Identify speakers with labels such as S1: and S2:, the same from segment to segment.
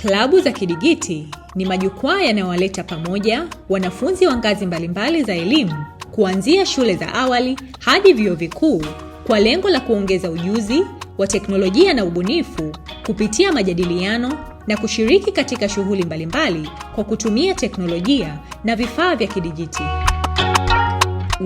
S1: Klabu za kidigiti ni majukwaa yanayowaleta pamoja wanafunzi wa ngazi mbalimbali za elimu kuanzia shule za awali hadi vyuo vikuu kwa lengo la kuongeza ujuzi wa teknolojia na ubunifu kupitia majadiliano na kushiriki katika shughuli mbalimbali kwa kutumia teknolojia na vifaa vya kidijiti.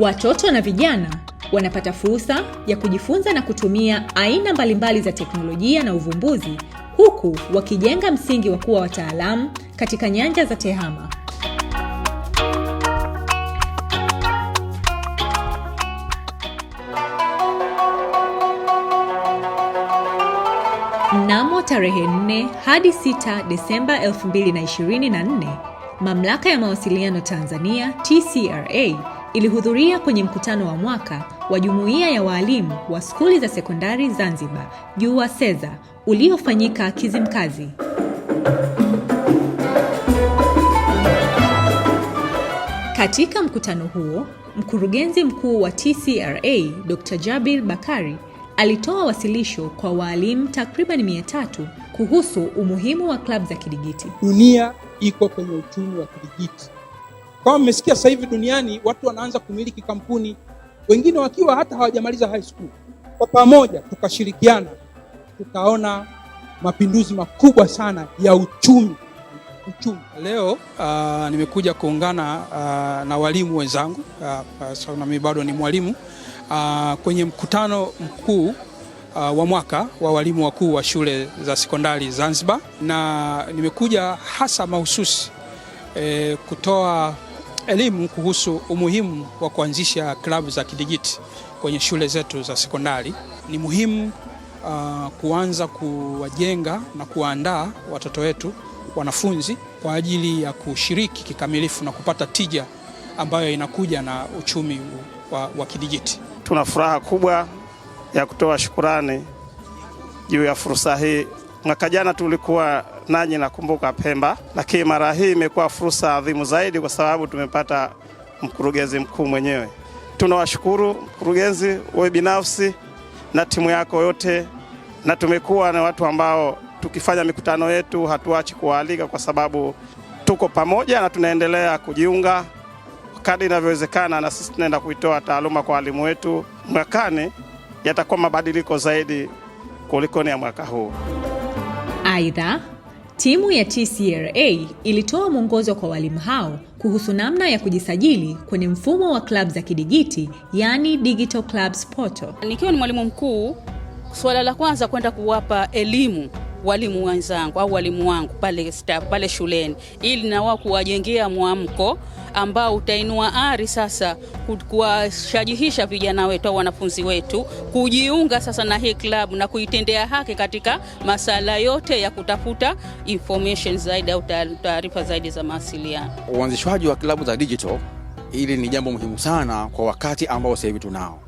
S1: Watoto na vijana wanapata fursa ya kujifunza na kutumia aina mbalimbali za teknolojia na uvumbuzi huku wakijenga msingi wa kuwa wataalamu katika nyanja za tehama. Mnamo tarehe 4 hadi 6 Desemba 2024, Mamlaka ya Mawasiliano Tanzania TCRA ilihudhuria kwenye mkutano wa mwaka wa Jumuiya ya Waalimu wa Skuli za Sekondari Zanzibar wa SEZA uliofanyika Kizimkazi. Katika mkutano huo, mkurugenzi mkuu wa TCRA Dr. jabil Bakari alitoa wasilisho kwa waalimu takriban 300 kuhusu umuhimu wa klabu za kidigiti.
S2: Dunia iko kwenye uchumi wa kidigiti. Kama mmesikia sasa hivi duniani watu wanaanza kumiliki kampuni, wengine wakiwa hata hawajamaliza high school. Kwa pamoja tukashirikiana, tukaona mapinduzi makubwa sana ya uchumi. Uchumi.
S3: Leo uh, nimekuja kuungana uh, na walimu wenzangu uh, ah, so nami bado ni mwalimu uh, kwenye mkutano mkuu uh, wa mwaka wa walimu wakuu wa shule za sekondari Zanzibar, na nimekuja hasa mahususi eh, kutoa elimu kuhusu umuhimu wa kuanzisha klabu za kidijiti kwenye shule zetu za sekondari. Ni muhimu uh, kuanza kuwajenga na kuwaandaa watoto wetu wanafunzi kwa ajili ya kushiriki kikamilifu na kupata tija ambayo inakuja na uchumi wa, wa kidijiti.
S4: Tuna furaha kubwa ya kutoa shukurani juu ya fursa hii. Mwaka jana tulikuwa nanyi nakumbuka Pemba, lakini mara hii imekuwa fursa adhimu zaidi kwa sababu tumepata mkurugenzi mkuu mwenyewe. Tunawashukuru mkurugenzi, wewe binafsi na timu yako yote, na tumekuwa na watu ambao tukifanya mikutano yetu hatuachi kuwaalika kwa sababu tuko pamoja na tunaendelea kujiunga kadri inavyowezekana, na sisi tunaenda kuitoa taaluma kwa walimu wetu. Mwakani yatakuwa mabadiliko zaidi kuliko ni ya mwaka huu.
S1: Aidha, Timu ya TCRA ilitoa mwongozo kwa walimu hao kuhusu namna ya kujisajili kwenye mfumo wa klabu za kidigiti yani Digital Clubs Portal.
S5: Nikiwa ni mwalimu mkuu, suala la kwanza kwenda kuwapa elimu walimu wenzangu au walimu wangu pale staff, pale shuleni ili na wao kuwajengea mwamko ambao utainua ari sasa kuwashajihisha vijana wetu au wanafunzi wetu kujiunga sasa na hii klabu na kuitendea haki katika masala yote ya kutafuta information zaidi au taarifa zaidi za mawasiliano.
S6: Uanzishwaji wa klabu za digital ili ni jambo muhimu sana kwa wakati ambao sasa hivi tunao.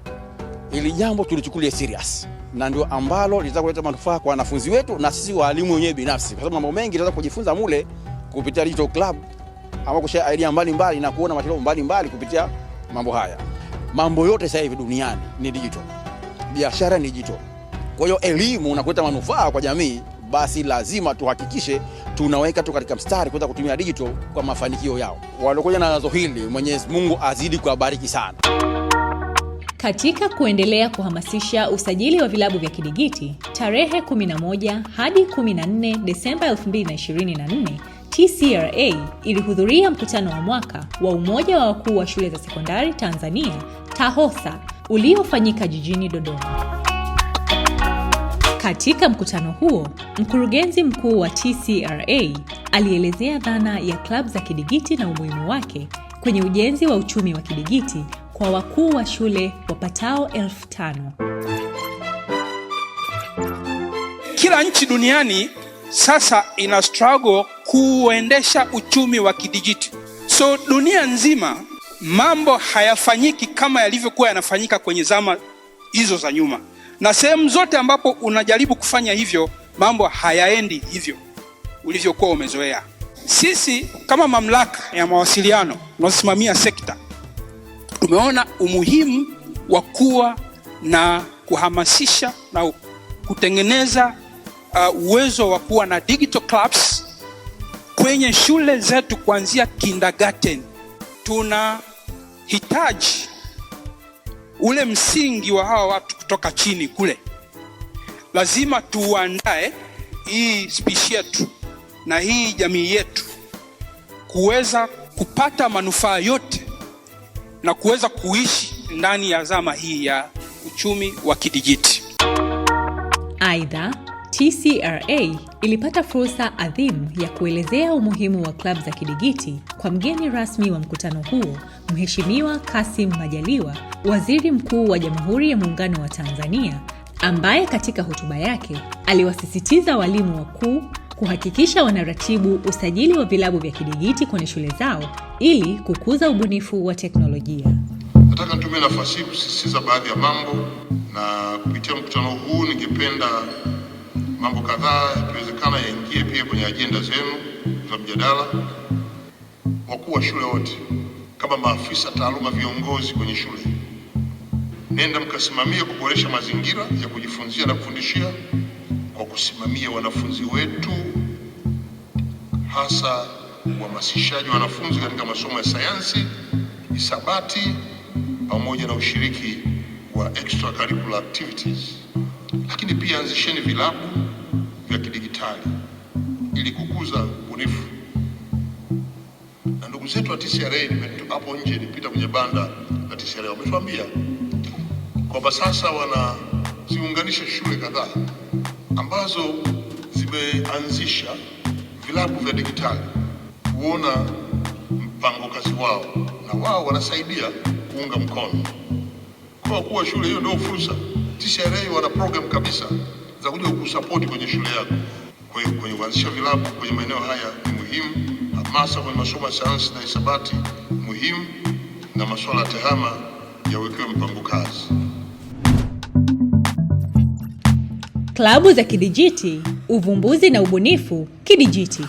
S6: Ili jambo tulichukulia serious na ndio ambalo litaweza kuleta manufaa kwa wanafunzi wetu na sisi walimu wenyewe binafsi, kwa sababu mambo mengi tunaweza kujifunza mule kupitia digital club ama kushare idea mbalimbali na kuona material mbalimbali kupitia mambo haya. Mambo yote sasa hivi duniani ni digital, biashara ni digital. Kwa hiyo elimu na kuleta manufaa kwa jamii, basi lazima tuhakikishe tunaweka tu katika mstari kuweza kutumia digital kwa mafanikio yao. Waliokuja na wazo hili, Mwenyezi Mungu azidi kuwabariki sana.
S1: Katika kuendelea kuhamasisha usajili wa vilabu vya kidigiti, tarehe 11 hadi 14 Desemba 2024, TCRA ilihudhuria mkutano wa mwaka wa Umoja wa Wakuu wa Shule za Sekondari Tanzania, TAHOSA, uliofanyika jijini Dodoma. Katika mkutano huo, mkurugenzi mkuu wa TCRA alielezea dhana ya klabu za kidigiti na umuhimu wake kwenye ujenzi wa uchumi wa kidigiti kwa wakuu wa shule wapatao elfu tano.
S7: Kila nchi duniani sasa ina struggle kuuendesha uchumi wa kidijiti. So dunia nzima mambo hayafanyiki kama yalivyokuwa yanafanyika kwenye zama hizo za nyuma, na sehemu zote ambapo unajaribu kufanya hivyo mambo hayaendi hivyo ulivyokuwa umezoea. Sisi kama mamlaka ya mawasiliano tunasimamia sekta tumeona umuhimu wa kuwa na kuhamasisha na kutengeneza uh, uwezo wa kuwa na digital clubs kwenye shule zetu kuanzia kindergarten. Tunahitaji ule msingi wa hawa watu kutoka chini kule, lazima tuandae hii spishi yetu na hii jamii yetu kuweza kupata manufaa yote na kuweza kuishi ndani ya zama hii ya uchumi wa kidijiti.
S1: Aidha, TCRA ilipata fursa adhimu ya kuelezea umuhimu wa klabu za kidigiti kwa mgeni rasmi wa mkutano huo, Mheshimiwa kasim Majaliwa, Waziri Mkuu wa Jamhuri ya Muungano wa Tanzania, ambaye katika hotuba yake aliwasisitiza walimu wakuu kuhakikisha wanaratibu usajili wa vilabu vya kidijiti kwenye shule zao ili kukuza ubunifu wa teknolojia.
S8: Nataka nitumie nafasi hii kusisitiza baadhi ya mambo, na kupitia mkutano huu ningependa mambo kadhaa yakiwezekana yaingie pia kwenye ajenda zenu za mjadala. Wakuu wa shule wote, kama maafisa taaluma, viongozi kwenye shule, nenda mkasimamia kuboresha mazingira ya kujifunzia na kufundishia kwa kusimamia wanafunzi wetu, hasa uhamasishaji wa wanafunzi katika masomo ya sayansi, hisabati pamoja na ushiriki wa extracurricular activities. Lakini pia anzisheni vilabu vya kidigitali ili kukuza ubunifu. Na ndugu zetu wa TCRA, hapo nje nipita kwenye banda la TCRA, wametuambia kwamba sasa wanaziunganisha shule kadhaa ambazo zimeanzisha vilabu vya digitali kuona mpango kazi wao, na wao wanasaidia kuunga mkono. Kwa kuwa shule hiyo ndio fursa, TCRA wana program kabisa za kuja kusapoti kwenye shule yako, kwenye kuanzisha vilabu kwenye maeneo haya ni muhimu. Hamasa kwenye masomo ya sayansi na hisabati muhimu, na masuala ya tehama yawekewe mpango kazi. Klabu za kidijiti, uvumbuzi na ubunifu kidijiti.